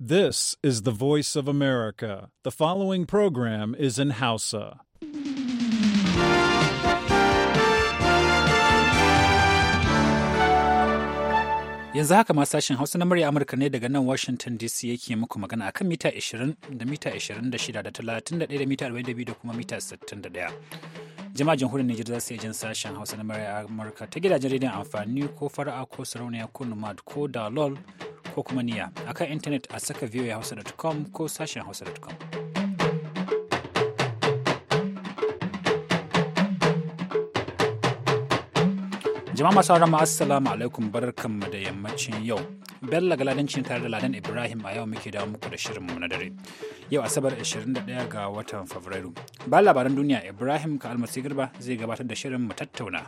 This is the voice of America. The following program is in Hausa. Yanzu haka ma sashen Hausa na murya Amurka ne daga nan Washington DC yake muku magana akan mita 20 da mita 26 da 31 da mita 42 da kuma mita 61. jama'a jamhuriyar Nijar za su jin sashen Hausa na murya Amurka ta gidajen rediyon amfani ko fara'a ko sarauniya ko nomad ko dalol ko kuma niya a akan intanet a saka voahausa.com ko sashen hausa.com. jama'a masu rama assalamu alaikum barkanmu da yammacin yau bella ladancin tare da ladan ibrahim a yau muke dawo muku da mu na dare yau asabar 21 ga watan fabrairu ba labaran duniya ibrahim ka almasi girba zai gabatar da shirin mu tattauna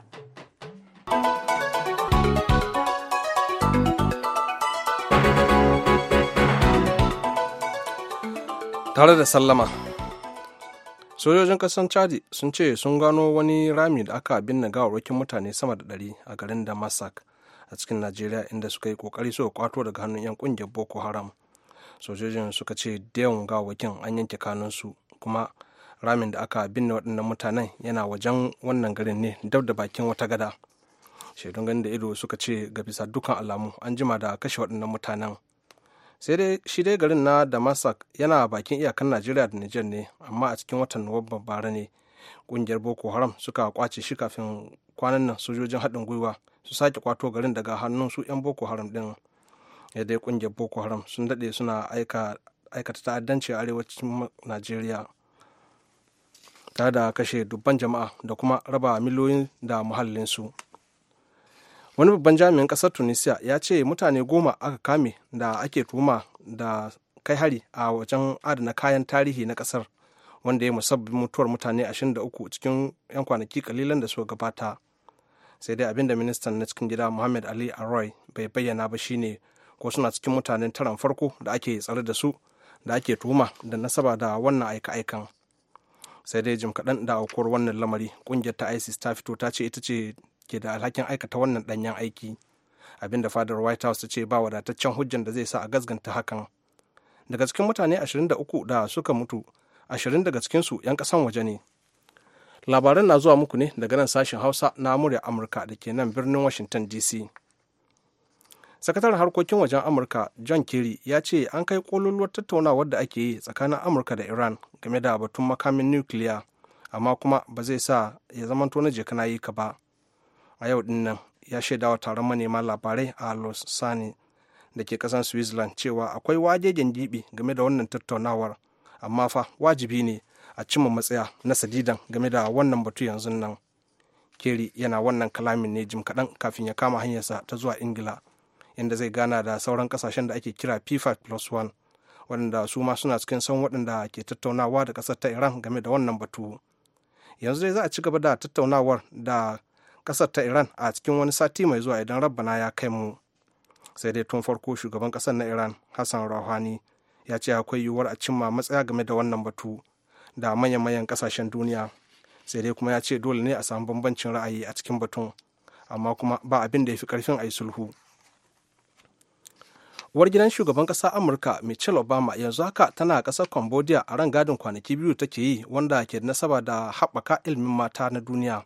tare da sallama sojojin kasan chadi sun ce sun gano wani rami da aka binne gawarwakin mutane sama da ɗari a garin damasak a cikin najeriya inda suka yi kokari suka kwato daga hannun 'yan kungiyar boko haram sojojin suka ce yawan gawarwakin an yanke kanunsu kuma ramin da aka binne waɗannan mutanen yana wajen wannan garin ne dab da bakin wata gada shaidun ganin da ido suka ce ga bisa dukkan alamu an jima da kashe waɗannan mutanen sai dai shi dai garin na damasak yana bakin iyakan najeriya da niger ne amma a cikin watan nuwamba bara ne kungiyar boko haram suka kwace shi kafin kwanan nan sojojin haɗin gwiwa su sake kwato garin daga hannun su 'yan boko haram din ya dai kungiyar boko haram sun daɗe suna aikata ta'addanci a arewacin najeriya tare da kashe dubban jama'a da kuma raba miliyoyin da muhallinsu. su wani babban jami'in kasar tunisia ya ce mutane goma aka kame da ake tuma da kai hari a wajen adana kayan tarihi na kasar wanda ya musabbin mutuwar mutane 23 cikin 'yan kwanaki kalilan da suka gabata sai dai abinda ministan na cikin gida muhammad ali arroy bai bayyana ba shine ko suna cikin mutanen taron farko da ake tsare da su da ake tuhuma da nasaba da wannan aika-aikan sai dai jim kaɗan da aukuwar wannan lamari ƙungiyar ta isis ta fito ta ce ita ce ke da alhakin aikata wannan danyen aiki abinda fadar white house ta ce ba wadataccen hujjan da zai sa a gasganta hakan daga cikin mutane 23 da suka mutu 20 daga cikin su 'yan kasan waje ne labaran na zuwa muku ne daga nan sashen hausa na murya amurka da ke nan birnin washington dc sakataren harkokin wajen amurka john kerry ya ce an kai kololuwar tattaunawar da ake yi tsakanin amurka da iran game da batun makamin nukiliya amma kuma ba zai sa ya zamanto na je yi ka ba a yau din nan ya shaidawa taron manema labarai a losani da ke kasan switzerland cewa akwai wajejen jibi game da wannan tattaunawar amma fa wajibi ne a cimma matsaya na sadidan game da wannan batu yanzu nan keri yana wannan kalamin ne jim kaɗan kafin ya kama hanyarsa ta zuwa ingila inda zai gana da sauran kasashen da ake kira p5 plus 1 waɗanda su ma suna cikin san waɗanda ke tattaunawa da ƙasar ta iran game da wannan batu yanzu dai za a ci gaba da tattaunawar da kasar ta iran a cikin wani sati mai zuwa idan rabbana ya kai mu sai dai tun farko shugaban kasar na iran hassan rouhani ya ce akwai yiwuwar a cimma matsaya game da wannan batu da manyan-manyan kasashen duniya sai dai kuma ya ce dole ne a samu bambancin ra'ayi a cikin batun amma kuma ba abin da ya fi karfin a yi sulhu uwar gidan shugaban ƙasar amurka michelle obama yanzu haka tana ƙasar cambodia a ran gadin kwanaki biyu take yi wanda ke nasaba da haɓaka ilimin mata na duniya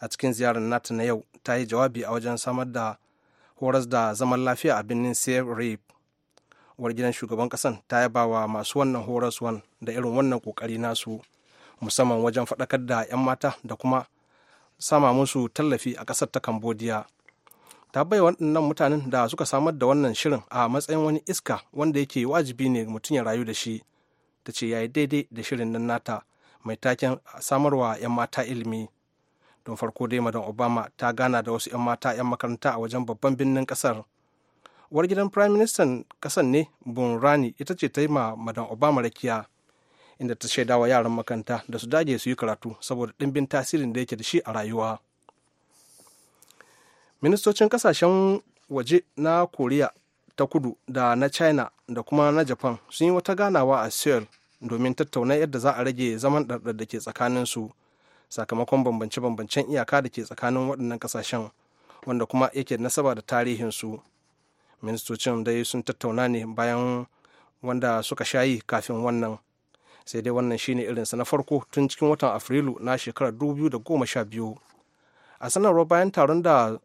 a cikin ziyarar nata na yau ta yi jawabi a wajen samar da horas da zaman lafiya a birnin save rape gidan shugaban kasan ta yaba wa masu wannan horas wan da irin wannan kokari nasu musamman wajen faɗakar da 'yan mata da kuma sama musu tallafi a ƙasar ta cambodia ta bai waɗannan mutanen da suka samar da wannan shirin a matsayin wani iska wanda yake wajibi ne mutum ya rayu da shi ta ce ya daidai da shirin nan nata mai taken samarwa 'yan mata ilimi don farko dai madan obama ta gana da wasu 'yan mata 'yan makaranta a wajen babban birnin kasar uwar gidan prime minister kasar ne bunrani ita ce ta yi ma madan obama rakiya inda ta shaida wa yaran makaranta da su dage su yi karatu saboda ɗimbin tasirin da yake da shi a rayuwa ministocin kasashen waje na koriya ta kudu da na china da kuma na japan sun yi wata ganawa a seoul domin tattauna yadda za a rage zaman ɗarɗar da ke tsakaninsu sakamakon bambance-bambancen iyaka da ke tsakanin waɗannan ƙasashen wanda kuma yake da nasaba da tarihinsu ministocin dai sun tattauna ne bayan wanda suka shayi kafin wannan sai dai wannan shine irinsa na farko tun cikin watan afrilu na shekarar 2012 a sanarwar bayan taron da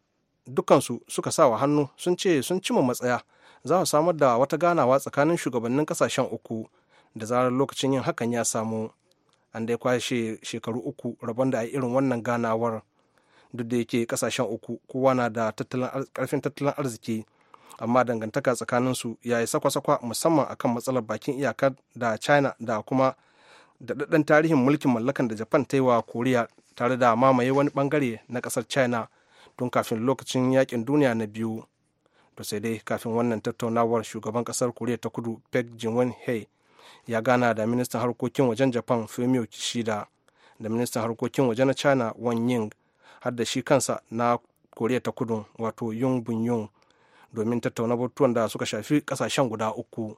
dukansu suka sa wa hannu sun ce sun cima matsaya za su samar da wata ganawa tsakanin shugabannin kasashen uku da zarar lokacin yin hakan ya samu an dai kwashe shekaru uku rabon da a irin wannan ganawar duk da yake kasashen uku kowa na da karfin tattalin arziki amma dangantaka tsakanin su ya yi sakwa-sakwa musamman akan matsalar bakin iyakar da china da kuma daɗaɗɗen tarihin mulkin mallakan da japan ta yi wa koriya tare da mamaye wani bangare na ƙasar china tun kafin lokacin yakin duniya na biyu to sai dai kafin wannan tattaunawar shugaban ƙasar koriya ta kudu peg jinwen hei ya gana da ministan harkokin wajen japan fumio kishida da ministan harkokin wajen na china wang ying har da shi kansa na koriya ta kudu wato yung bun yung domin tattauna batutuwan da suka shafi kasashen guda uku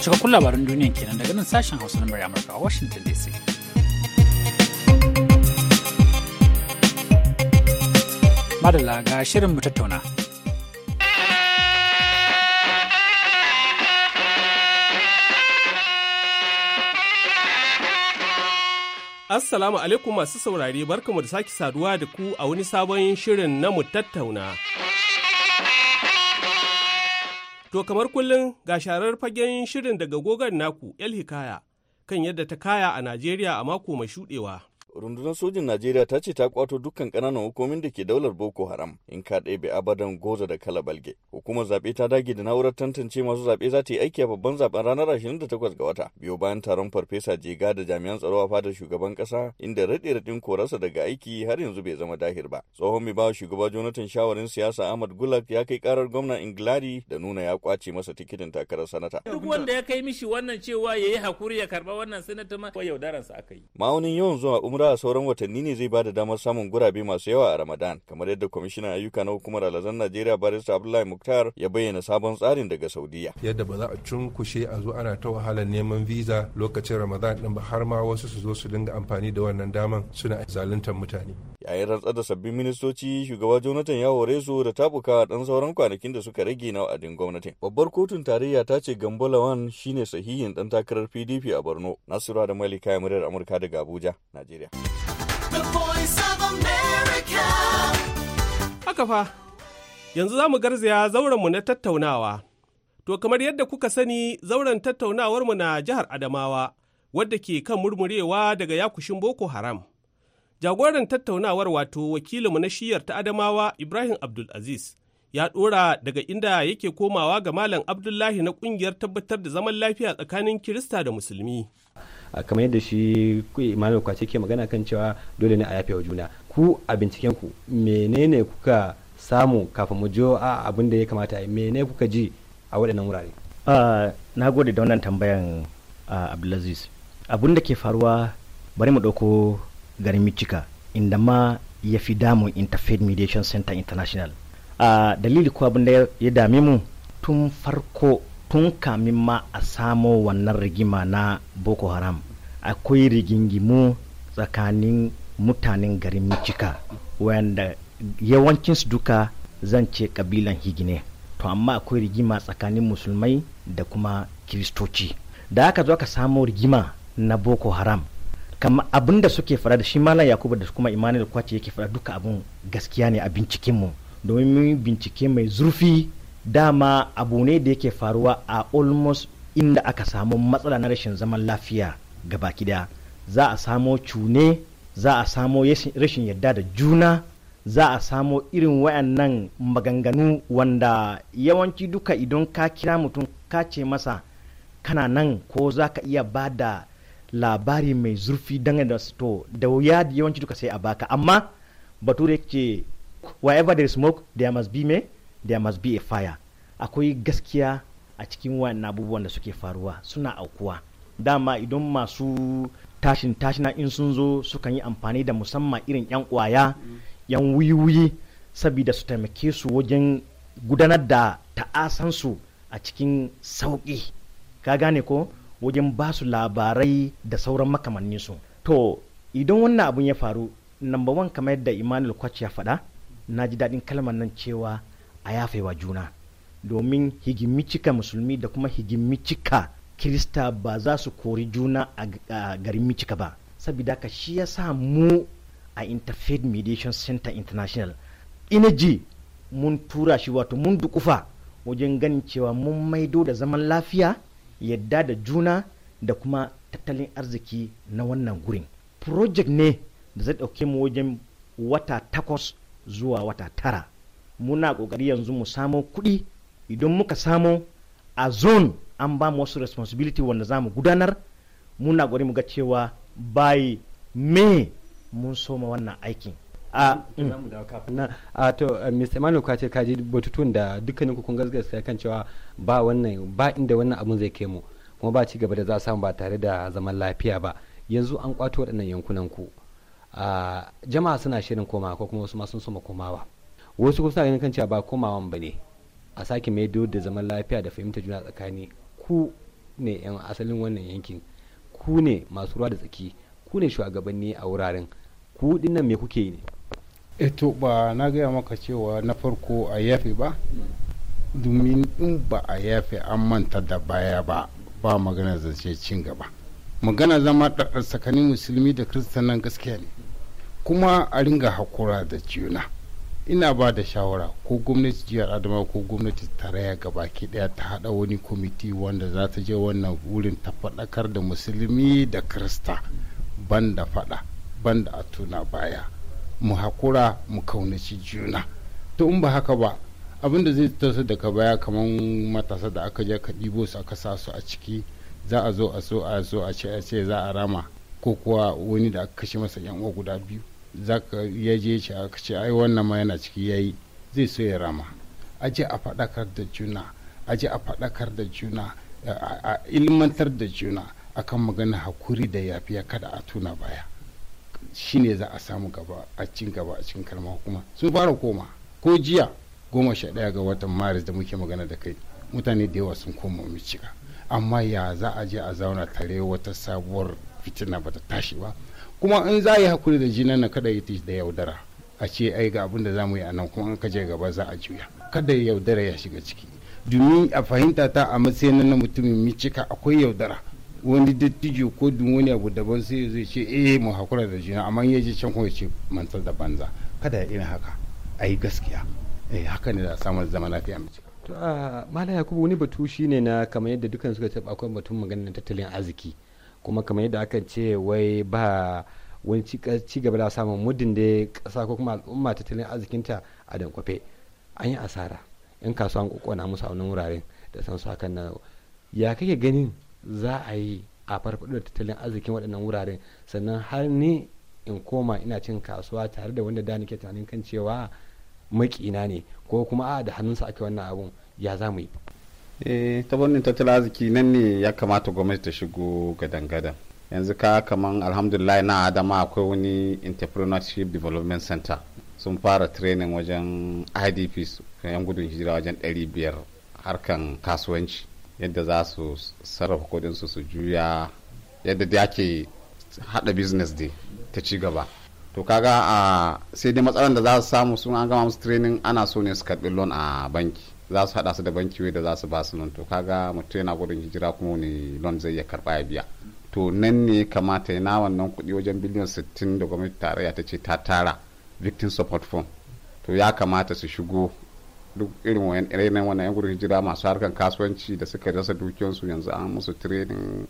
cikakkun labarin duniya kenan daga nan sashen hausa na amurka a washington dc Fadala ga shirin mu tattauna. Assalamu alaikum masu saurari, barkamu da sake saduwa da ku a wani sabon shirin na mu tattauna. To kamar kullum ga sharar fagen shirin daga gogar naku 'yar Hikaya kan yadda ta kaya a Najeriya a mako mai shuɗewa. rundunar sojin Najeriya ta ce ta kwato dukkan kananan hukumomin da ke daular Boko Haram in ka ɗebe abadan goza da kala balge. Hukumar zaɓe ta dage da na'urar tantance masu zaɓe za ta yi aiki a babban zaɓen ranar takwas ga wata. Biyo bayan taron farfesa jega da jami'an tsaro a fadar shugaban ƙasa inda raɗe raɗin korarsa daga aiki har yanzu bai zama dahir ba. Tsohon mai bawa shugaba Jonathan shawarin siyasa Ahmad Gulak ya kai karar gwamna Ingilari da nuna ya kwace masa tikitin takarar sanata. Duk wanda ya kai mishi wannan cewa ya yi hakuri ya karɓa wannan sanata ma yaudaransa aka yi. Ma'aunin yawan zuwa umra zuwa sauran watanni ne zai bada damar samun gurabe masu yawa a Ramadan, kamar yadda kwamishinan ayyuka na hukumar alazan Najeriya Barista Abdullahi Muktar ya bayyana sabon tsarin daga Saudiya. Yadda ba za a cunkushe a zo ana ta wahalar neman visa lokacin Ramadan din ba har ma wasu su zo su dinga amfani da wannan daman suna zaluntar mutane. Yayin rantsar da sabbin ministoci, shugaba Jonathan ya hore su da tabuka dan sauran kwanakin da suka rage na wa'adin gwamnatin. Babbar kotun tarayya ta ce Gambo Lawan shine sahihin dan takarar PDP a Borno. Nasiru da Malika Muryar Amurka daga Abuja, Najeriya. Haka fa, yanzu za mu garzaya zaurenmu na tattaunawa. To kamar yadda kuka sani zauren tattaunawarmu na jihar Adamawa, wadda ke kan murmurewa daga yakushin Boko Haram. Jagoran tattaunawar wato wakilinmu na shiyar ta Adamawa Ibrahim Abdulaziz ya ɗora daga inda yake komawa ga Malam Abdullahi na ƙungiyar tabbatar da zaman lafiya tsakanin Kirista da Musulmi. kamar yadda shi Emmanuel Kwace ke magana kan cewa dole ne a yafe wa juna ku a binciken ku menene kuka samu kafin mu jo a abin da ya kamata yi mene kuka ji a waɗannan wurare na gode da wannan tambayan Abdulaziz abin da ke faruwa bari mu ɗauko garin Michika inda ma ya fi damun Interfaith Mediation Center International a dalili ko abin da ya dame mu tun farko tun kamin ma a samo wannan rigima na boko haram akwai rigingimu tsakanin mutanen garin micika wanda yawancinsu duka zan ce kabilan higine to amma akwai rigima tsakanin musulmai da kuma kiristoci da aka zo ka samo rigima na boko haram kama abin da suke fara da shi malam yakubu da kuma imanin kwace yake fara duka abin gaskiya ne a bincikenmu domin bincike mai zurfi dama abu ne da yake faruwa a almost inda aka samu matsala na rashin zaman lafiya gaba kida za a samo cune za a samo rashin yadda da juna za a samo irin wayannan maganganu wanda yawanci duka idan ka kira mutum ka ce masa kana nan ko za ka iya ba da labari mai zurfi dangane da to da wuya yawanci duka sai a baka amma bature ce wherever there is smoke there must be me there must be a fire akwai gaskiya a cikin wayan abubuwan da suke faruwa suna aukuwa dama idan masu tashin tashina in sun zo sukan yi amfani da musamman irin yan kwaya yan wuyi wuyi saboda su taimake su wajen gudanar da ta'asansu a cikin sauƙi ka gane ko wajen ba su labarai da sauran makamanninsu to idan wannan abun ya faru number one kamar yadda imanul kwaci ya faɗa na ji daɗin kalmar nan cewa a wa juna domin higimicika musulmi da kuma higimicika kirista ba za su kori juna a garin micika ba saboda ka shi ya sa mu a interfaith mediation center international inaji mun tura shi wato mun dukufa wajen ganin cewa mun maido da zaman lafiya yadda da juna da kuma tattalin arziki na wannan gurin project ne da zai ɗauke mu wajen wata takwas zuwa wata tara muna kokari yanzu mu samo kuɗi idan muka samo a zone an ba mu wasu responsibility wanda za mu gudanar muna kokari mu ga cewa bai me mun soma wannan aikin a mm. to eh, mr manu ka ce kaji batutun da dukkanin ku kun gaskiya kan cewa ba wannan ba inda wannan abun zai kai mu kuma ba ci gaba da za samu ba tare da zaman lafiya ba yanzu an kwato waɗannan yankunan ku ah, jama'a suna shirin koma ko kuma wasu ma sun soma komawa wasu kusa ganin kan cewa ba komawan ba ne a sake mai maido da zaman lafiya da fahimtar juna tsakani ku ne yan asalin wannan yankin ku ne masu ruwa da tsaki ku ne shugabanni a wuraren ku dinnan me kuke yi ne eh to ba na gaya maka cewa na farko a yafe ba domin in ba a yafe an manta da baya ba ba magana zance cin gaba magana zama tsakanin musulmi da kristanan gaskiya ne kuma a ringa hakura da juna ina ba da shawara ko gwamnati jihar adama ko gwamnati tarayya baki daya ta hada wani kwamiti wanda za ta je wannan wurin ta faɗakar da musulmi da krista da faɗa ban da tuna baya mu hakura mu kaunaci juna to in ba haka ba abin da zai taso daga baya kamar matasa da aka je ka ɗibo su aka sa su a ciki za a zo a so a zo a ce a ce za a rama ko kuwa wani da aka kashe masa yan uwa guda biyu zaka ya je shi aka ce ai wannan ma yana ciki yayi zai so ya rama a je a faɗakar da juna a je a faɗakar da juna a ilmantar da juna akan magana hakuri da yafiya kada a tuna baya shine za a samu gaba a cin gaba a cikin kalma kuma sun fara koma ko jiya goma sha ɗaya ga watan maris da muke magana da kai mutane da yawa sun koma cika amma ya za a je a zauna tare wata sabuwar fitina ba ta tashi ba kuma in za yi hakuri da jina na kada yi da yaudara a ce ai ga abin da za mu yi a nan kuma in ka je gaba za a juya kada yaudara ya shiga ciki domin a fahimta ta a matsayin na mutumin cika akwai yaudara wani dattijo ko dun wani abu daban sai zai ce eh mu hakura da jinan amma ya je can kuma ya ce mantar da banza kada ya irin haka a yi gaskiya eh haka ne da samun zaman lafiya mace to a mala yakubu wani batu shine na kamar yadda dukan suka taba akwai batun maganar tattalin arziki kuma kamar yadda aka ce wai ba wani ci gaba da samun muddin da ƙasa ko kuma al'umma tattalin arzikinta a dankwafe an yi asara in kasuwa an kokona musu a wannan wuraren da san su hakan nan ya kake ganin za a yi a farfaɗo da tattalin arzikin waɗannan wuraren sannan har ni in koma ina cin kasuwa tare da wanda da nake tunanin kan cewa makina ne ko kuma a da hannunsa ake wannan abun ya za mu yi Eh, ta fannin tattalin arziki nan ne ya kamata gwamnati ta shigo gadan-gadan yanzu ka kaman alhamdulillah na adama akwai wani entrepreneurship development center sun fara training wajen idps yan gudun hijira wajen 500 harkan kasuwanci yadda za su sarrafa kudinsu su juya yadda da ake hada business da ta ci gaba to kaga a ah, sai dai matsalar da za su samu sun an gama musu training ana so ne su karbi loan a banki za su hada su da banki da za su ba su nan to kaga mutum yana gudun hijira kuma wani loan zai iya karba ya biya to nan ne kamata yana wannan kuɗi wajen biliyan 60 da gwamnati tarayya ta ce ta tara victim support fund to ya kamata su shigo duk irin wayan irin wannan yan gudun hijira masu harkan kasuwanci da suka rasa dukiyansu yanzu an musu training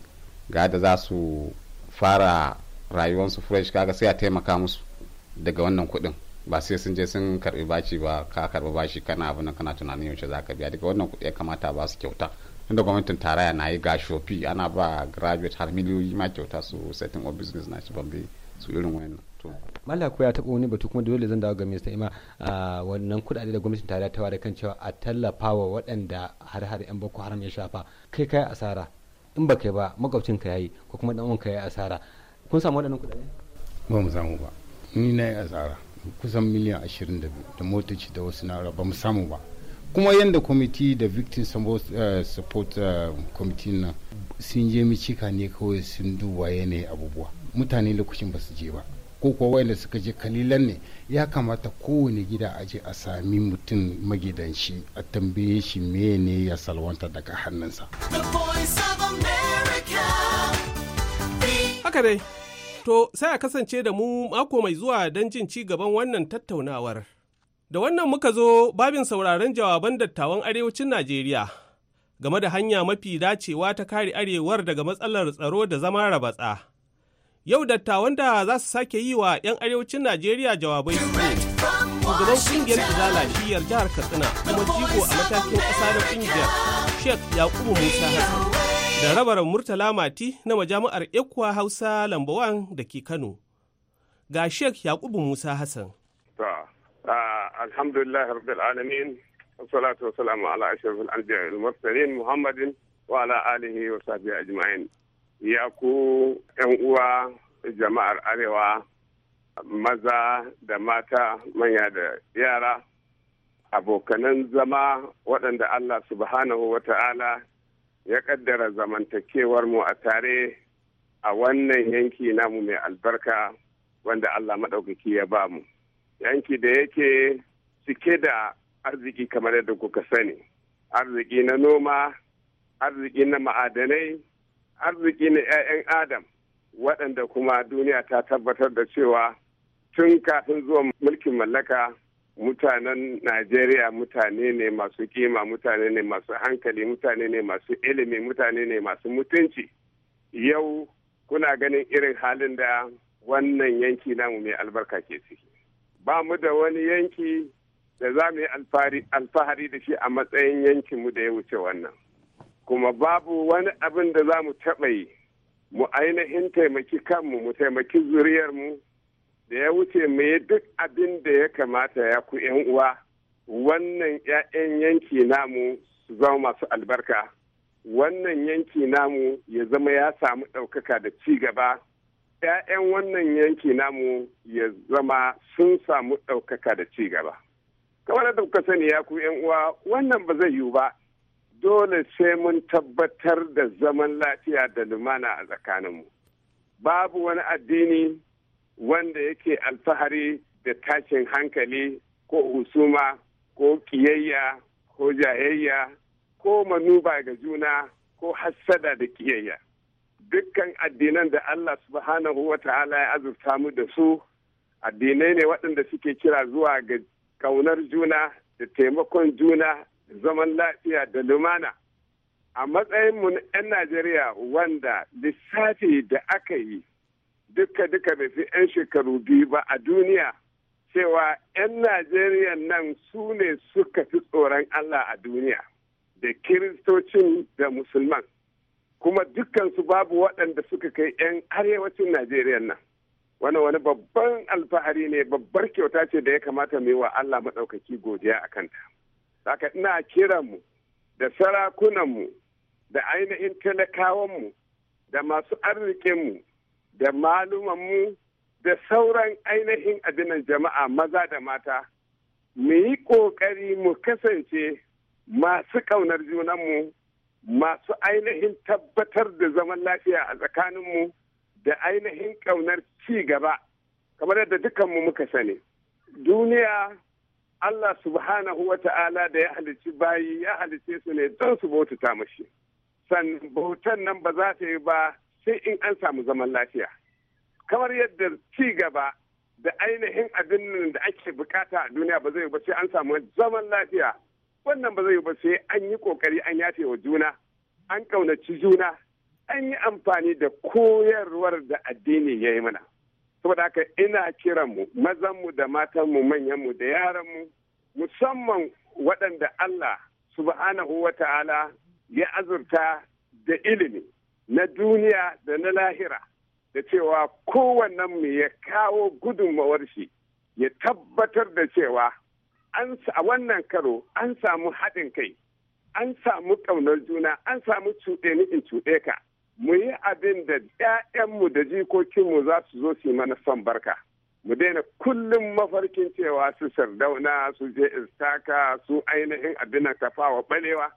ga da za su fara rayuwarsu fresh kaga sai a taimaka musu daga wannan kuɗin ba sai sun je sun karbi bashi ba ka karbi bashi kana abin kana tunanin yaushe za ka biya daga wannan kuɗi ya kamata ba su kyauta inda gwamnatin tarayya na yi gashofi ana ba graduate har miliyoyi ma kyauta su setting of business na shi bambe su irin wayannan malla ko ya taɓa wani batu kuma dole zan dawo ga minista ima wannan kuɗaɗe da gwamnatin tarayya ta ware kan cewa a tallafa wa waɗanda har har yan boko haram ya shafa kai kai asara in ba kai ba makwabcin ka yayi ko kuma dan uwan ka yayi asara kun samu waɗannan kuɗaɗe ba mu samu ba ni na yi asara kusan miliyan 22 da motoci da wasu na ba mu samu ba kuma yadda kwamiti da victim support committee eh, eh, na. sun je micika ne kawai sun duba yanayi abubuwa mutane lokacin ba su je ba ko kuwa wayanda suka je kalilan ne ya kamata kowane gida a je a sami mutum magidanci a tambaye shi mene ya salwanta daga hannunsa haka dai To sai a kasance da mu mako mai zuwa don jin ci gaban wannan tattaunawar. Da wannan muka zo babin sauraron jawaban dattawan arewacin Najeriya game da hanya mafi dacewa ta kare arewar daga matsalar tsaro da zama rabatsa. Yau dattawan da za su sake yi wa 'yan arewacin Najeriya jawabai su shugaban kungiyar Izala lafiyar jihar Katsina kuma jigo a matakin ƙasa da kungiyar Sheikh Yakubu Musa Hassan. da rabaran murtala mati na majami'ar ekuwa hausa lambawan da ke kano ga sheikh yakubu musa hassan alhamdulillah rabbil alamin والصلاة والسلام muhammadin wa ala alihi wa وعلى آله Ya ku 'yan uwa jama'ar arewa maza da mata manya da yara abokanan zama waɗanda Allah subhanahu wa ta'ala ya kaddara zamantakewar mu a tare a wannan yanki namu mai albarka wanda Allah maɗaukaki ya ba mu. Yanki da yake cike da arziki kamar yadda kuka sani, arziki na noma, arziki na ma'adanai, arziki na 'ya'yan Adam, waɗanda kuma duniya ta tabbatar da cewa tun kafin zuwa mulkin mallaka mutanen najeriya mutane ne masu kima mutane ne masu hankali mutane ne masu ilimi mutane ne masu mutunci yau kuna ganin irin halin da wannan yanki namu mai albarka ke ciki ba mu da wani yanki da za mu yi alfahari da shi a matsayin yankinmu da ya wuce wannan kuma babu wani abin da za mu taɓa yi mu ainihin taimaki kanmu mu taimaki zuriyarmu da ya wuce mai duk abin da ya kamata ya ku yan uwa wannan 'ya'yan yanki namu su zama masu albarka wannan yanki namu ya zama ya samu ɗaukaka da ci gaba 'ya'yan wannan yanki namu ya zama sun samu ɗaukaka da ci gaba kamar da kuka sani ya ku uwa wannan ba zai yiwu ba dole sai mun tabbatar da zaman lafiya da lumana a tsakaninmu babu wani addini wanda yake alfahari da tashin hankali ko husuma ko kiyayya ko jayayya ko manuba ga juna ko hassada da kiyayya dukkan addinan da Allah subhanahu wa ta'ala ya azurta mu da su addinai ne waɗanda suke kira zuwa ga kaunar juna da taimakon juna da zaman lafiya da lumana a matsayinmu na 'yan najeriya wanda lissafi da aka yi duka duka bai fi 'yan shekaru biyu ba a duniya cewa 'yan Najeriya nan su ne suka fi tsoron Allah a duniya da kiristocin da musulman kuma dukkansu babu waɗanda suka kai 'yan arewacin Najeriya nan wani wani babban alfahari ne babbar kyauta ce da ya kamata mu yi wa Allah maɗaukaki godiya a kanta Saka ina kiranmu da sarakunanmu da ainihin talakawanmu da masu arzikinmu da malumanmu da sauran ainihin adinan jama'a maza da mata mu yi ƙoƙari mu kasance masu ƙaunar junanmu masu ainihin tabbatar da zaman lafiya a tsakaninmu da ainihin ƙaunar ci gaba kamar yadda dukanmu muka sani duniya Allah subhanahu wa ta'ala da ya halici bayi ya halice su ne don su bautata mashi san bautan nan ba za ta yi ba sai in an samu zaman lafiya kamar yadda ci gaba da ainihin abin da ake bukata a duniya ba zai ba sai an samu zaman lafiya wannan ba zai ba sai an yi kokari an yafe wa juna an kaunaci juna an yi amfani da koyarwar da addini ya yi mana saboda haka ina kiran mu mazanmu da matanmu manyanmu da yaranmu musamman waɗanda Allah subhanahu wa ta'ala ya azurta da ilimi na duniya da na lahira da cewa kowannen mu ya kawo gudunmawar shi ya tabbatar da cewa a wannan karo an samu haɗin kai an samu ƙaunar juna an samu cuɗe ni in cuɗe ka mu yi abin da 'ya'yanmu da jikokinmu za su zo su mana son barka mu daina kullum mafarkin cewa su sardauna su je istaka su ainihin abin kafawa balewa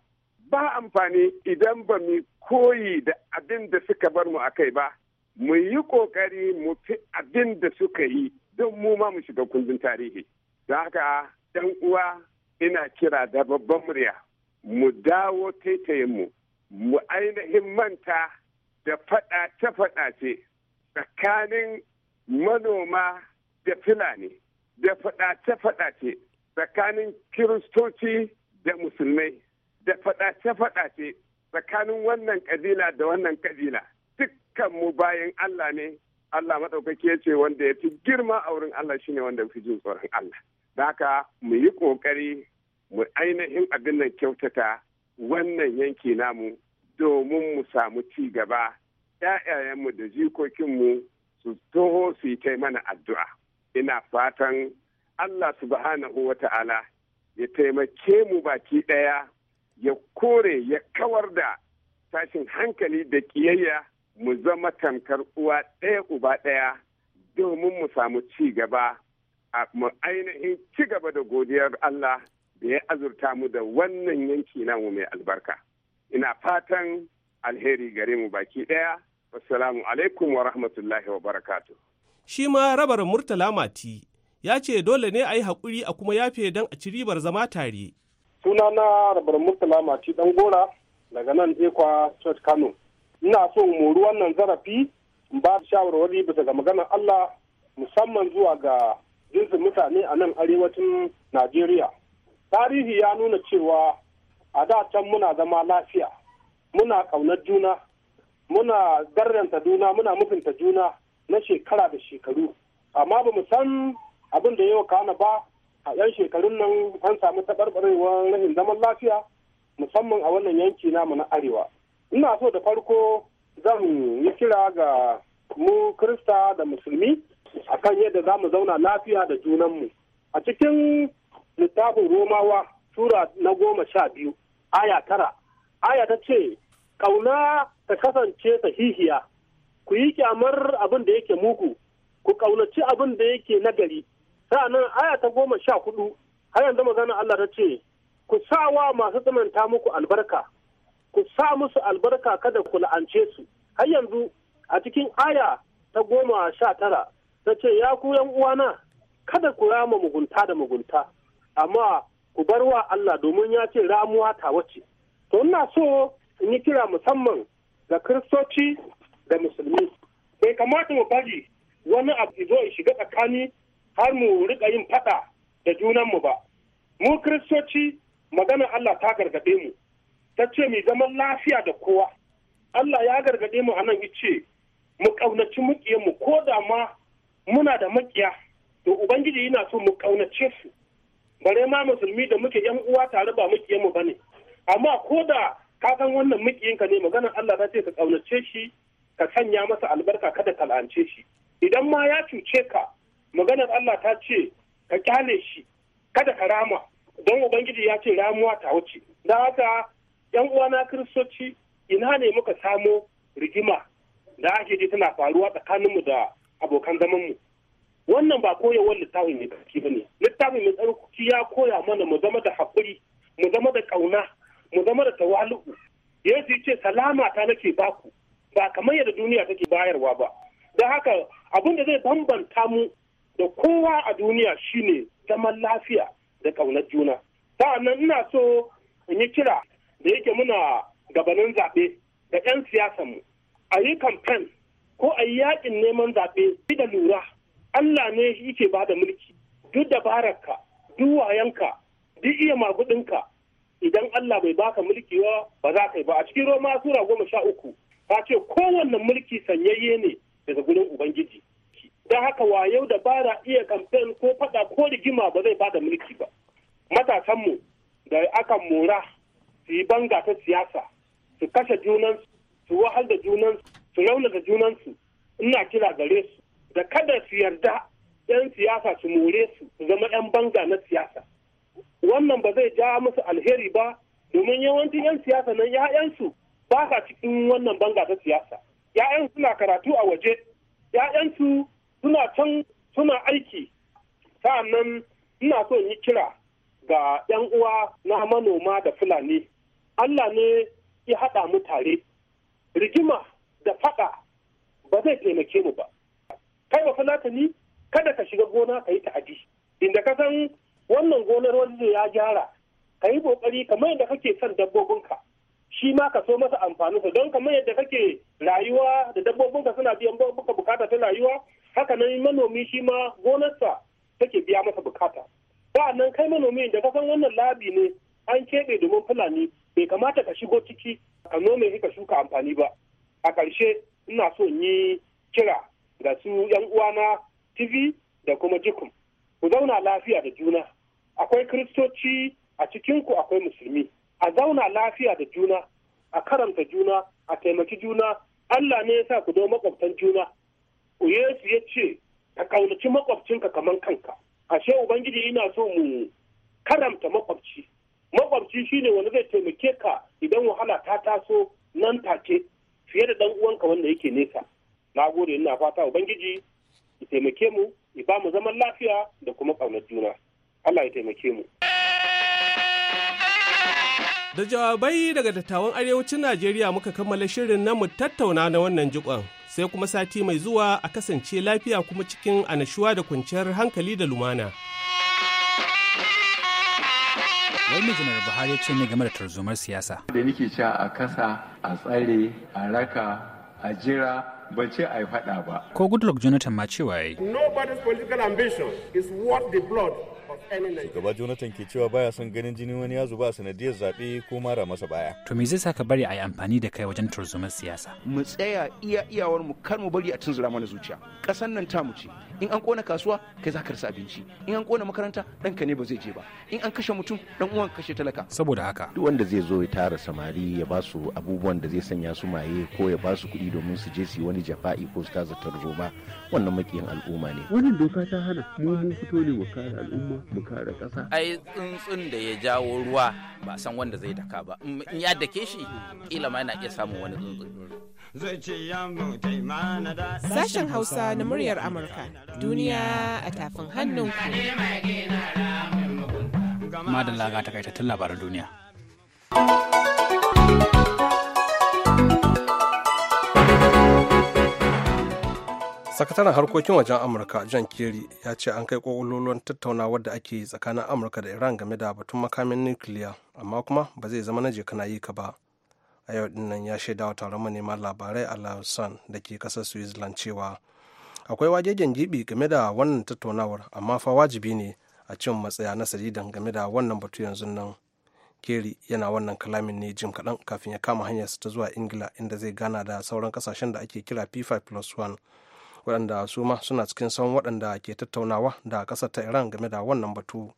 ba amfani idan ba mu koyi da abin da suka bar mu akai ba mu yi kokari mu fi abin da suka yi don mu ma mu shiga kundin tarihi da haka dan uwa ina kira da babban murya mu dawo taitayin mu ainihin manta da faɗace-faɗace tsakanin manoma da fulani da faɗace-faɗace tsakanin kiristoci da musulmai da faɗace-faɗace tsakanin wannan ƙabila da wannan kabila dukkan mu bayan Allah ne Allah maɗaukaki ya ce wanda ya fi girma a wurin Allah shine wanda fi jin tsoron Allah. Da haka mu yi ƙoƙari mu ainihin abin nan kyautata wannan yanki namu domin mu samu ci gaba ‘ya'yayenmu da jikokinmu su toho su yi ta mana addu'a. Ina fatan Allah subhanahu wa ta'ala ya taimake mu baki ɗaya ya kore ya kawar da tashin hankali da ƙiyayya mu zama tamkar uwa ɗaya uba ɗaya domin mu samu ci gaba mu ainihin ci gaba da godiyar Allah da ya azurta mu da wannan yanki namu mai albarka. Ina fatan alheri gare mu baki ɗaya. Assalamu alaikum wa rahmatullahi wa barakatu. Shi ma rabar Murtala Mati ya ce dole ne a yi haƙuri a kuma yafe don a ci ribar zama tare. suna na rabar murtala mati dan gora daga nan ekwa church kano ina so mori wannan zarafi in ba da shawarwari bisa ga maganar allah musamman zuwa ga jinsin mutane a nan arewacin najeriya tarihi ya nuna cewa a da can muna zama lafiya muna ƙaunar juna muna garanta juna muna mutunta juna na shekara da shekaru amma ba mu san abin da yau kana ba a 'yan shekarun nan an samu taɓarɓarewar rashin zaman lafiya musamman a wannan yanki namu na arewa ina so da farko zan yi kira ga mu krista da musulmi a kan yadda za mu zauna lafiya da junanmu a cikin littafin romawa tura na goma sha biyu aya tara aya ta ce ƙauna ta kasance sahihiya ku yi kyamar abin da yake muku, ku ƙaunaci abin da yake nagari sa'annan aya ta goma sha hudu har yanzu maganar Allah ta ce ku sa wa masu tsananta muku albarka ku sa musu albarka kada ku la'ance su har yanzu a cikin aya ta goma sha tara ta ce ya ku yan uwana kada ku rama mugunta da mugunta amma ku bar wa Allah domin ya ce ramuwa ta wace to ina so in yi kira musamman ga kiristoci da musulmi bai kamata mu bari wani abu zo shiga tsakani har mu rika yin faɗa da junanmu ba mu kiristoci maganar Allah ta gargaɗe mu ta ce mu zaman lafiya da kowa Allah ya gargaɗe mu a nan ice mu ƙaunaci mu ko da ma muna da maƙiya to ubangiji yana so mu ƙaunace su bare ma musulmi da muke yan uwa tare ba ba ne. amma ko da ka san wannan muƙiyanka ne maganar Allah ta ce ka ƙaunace shi ka sanya masa albarka kada ka la'ance shi idan ma ya cuce ka maganar Allah ta ce ka kyale shi kada ka rama don ubangiji ya ce ramuwa ta wuce da haka yan uwana kiristoci ina ne muka samo rigima da ake ji tana faruwa tsakaninmu da abokan zamanmu wannan ba wani littafin mai tsarki ba ne littafin mai tsarki ya koya mana mu zama da haƙuri mu zama da ƙauna mu zama da tawalu'u. yesu ce salama ta nake baku ba kamar yadda duniya take bayarwa ba don haka abin da zai bambanta mu da kowa a duniya shine zaman lafiya da ƙaunar juna sa'annan ina so in yi kira da yake muna gabanin zaɓe da 'yan siyasanmu a yi kamfen ko a yi yaƙin neman zaɓe da lura Allah ne yake ba da mulki duk dabararka duk wayanka duk iya magudinka idan Allah bai baka mulki wa ba za ka yi ba a cikin Roma sura goma sha uku ta ce kowanne mulki sanyayye ne daga gurin Ubangiji don haka wayau da bara iya kamfen ko fada ko rigima ba zai bada mulki ba matasanmu da aka mora su yi banga ta siyasa su kashe junansu su wahal da junansu su raunata junansu ina kira gare su da kada su yarda 'yan siyasa su more su su zama 'yan banga na siyasa wannan ba zai ja musu alheri ba domin yawancin 'yan siyasa nan 'ya'yansu ba sa cikin wannan banga ta siyasa 'ya'yan suna karatu a waje 'ya'yansu suna can suna aiki nan ina so yi kira ga 'yan uwa na manoma da fulani Allah ne ya haɗa mu tare rigima da faɗa ba zai taimake mu ba kai ba ni kada ka shiga gona ka yi ta'adi inda ka san wannan gonar wanda ya gyara ka yi kokari kamar yadda kake son dabbobinka shi ma ka so masa amfanin su don kamar yadda kake rayuwa da dabbobinka suna biyan baka bukata ta rayuwa haka nan manomi shi ma gonarsa take biya masa bukata nan kai manomi da kasan wannan labi ne an keɓe domin fulani bai kamata ka shigo ciki ka nome ka shuka amfani ba a ƙarshe ina so in yi kira ga su yan uwana tv da kuma jikum ku zauna lafiya da juna akwai kiristoci a cikinku akwai musulmi a zauna lafiya da juna a karanta juna a taimaki juna Allah ne ya sa ku zo makwabtan juna Yesu ya ce ka kaunaci makwabcinka kamar kanka ashe ubangiji ina so mu karanta makwabci makwabci shine wanda zai taimake ka idan wahala ta taso nan take fiye da dan uwanka wanda yake nesa na gode ina fata ubangiji ya taimake mu ya ba mu zaman lafiya da kuma ƙaunar juna Allah ya taimake mu Da jawabai daga dattawan arewacin Najeriya muka kammala shirin na mu tattauna na wannan jikon. Sai kuma sati mai zuwa a kasance lafiya kuma cikin anashuwa da kwanciyar hankali da lumana. Wai mai janar Buhari ce ne game da tarzomar siyasa. Da nake cewa a kasa, a tsare, a raka, a jira, ban ce a yi faɗa ba. Ko Goodluck Jonathan ma cewa ya yi. Nobody's political ambition is worth the blood Shugaba Jonathan ke cewa baya son ganin jinin wani ya zuba a sanadiyar zaɓe ko mara masa baya. To me zai sa ka bari a yi amfani da kai wajen turzumin siyasa? Mu tsaya iya iyawar mu kar mu bari a tunzura mana zuciya. Ƙasan nan ta mu ce. In an kona kasuwa kai za ka rasa abinci. In an kona makaranta ka ne ba zai je ba. In an kashe mutum dan uwan kashe talaka. Saboda haka. Duk wanda zai zo ya tara samari ya ba su abubuwan da zai sanya su maye ko ya ba su kuɗi domin su je su yi wani jafa'i ko su kaza zoma, wannan makiyan al'umma ne. Wannan doka ta hana mu mun fito ne wa kare al'umma duka da ƙasa. Ai tsuntsun da ya jawo ruwa ba san wanda zai daka ba. In ya dake shi kila ma yana iya samun wani tsuntsun. Sashen Hausa na muryar Amurka duniya a tafin hannun ku. Madalla ga takaitattun labaran duniya. sakataren harkokin wajen amurka john kerry ya ce an kai ƙwaƙwalolon tattaunawar da ake yi tsakanin amurka da iran game da batun makamin nukiliya amma kuma ba zai zama na je kana yi ka ba a yau dinnan ya shaida wa taron manema labarai a lausanne da ke kasar switzerland cewa akwai wajejen gibi game da wannan tattaunawar amma fa wajibi ne a cin matsaya na sadidan game da wannan batu yanzu nan keri yana wannan kalamin ne jim kaɗan kafin ya kama hanyarsa ta zuwa ingila inda zai gana da sauran kasashen da ake kira p5 plus 1 waɗanda su ma suna cikin san waɗanda ke tattaunawa da ƙasar ta iran game da wannan batu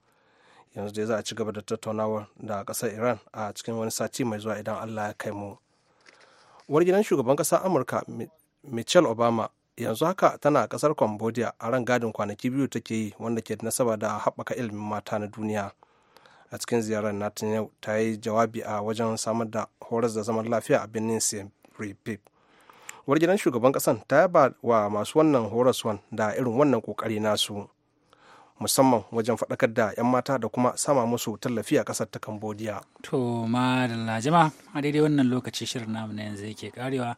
yanzu dai za a ci gaba da tattaunawa da ƙasar iran a cikin wani sati mai zuwa idan allah ya kai mu uwar gidan shugaban ƙasar amurka michel obama yanzu haka tana ƙasar cambodia a ran gadin kwanaki biyu take yi wanda ke da nasaba da haɓaka ilimin mata na duniya a cikin ziyarar nata yau ta yi jawabi a wajen samar da horas da zaman lafiya a birnin siem repeat uwar gidan shugaban kasan ta yaba wa masu wannan horaswan da irin wannan kokari nasu musamman wajen faɗakar da 'yan mata da kuma sama musu tallafi a kasar ta cambodia to madalla jama a daidai wannan lokaci shirin namu na yanzu yake karewa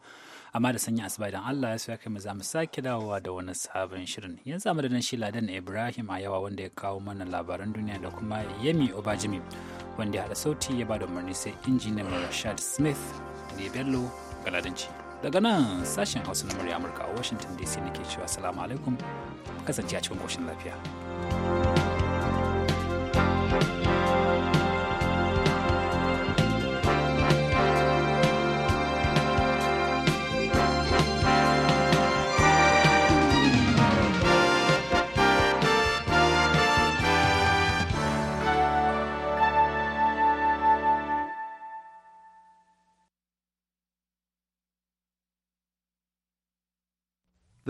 amma da sanya asuba idan allah ya suya kai mu za mu sake dawowa da wani sabon shirin yanzu a madadin shi ladan ibrahim a yawa wanda ya kawo mana labaran duniya da kuma yemi obajimi wanda ya haɗa sauti ya ba da umarni sai injiniyan rashad smith ne bello ga ladanci daga nan sashen hausa na murya amurka a washington dc nake cewa salamu alaikum kasance a cikin koshin lafiya.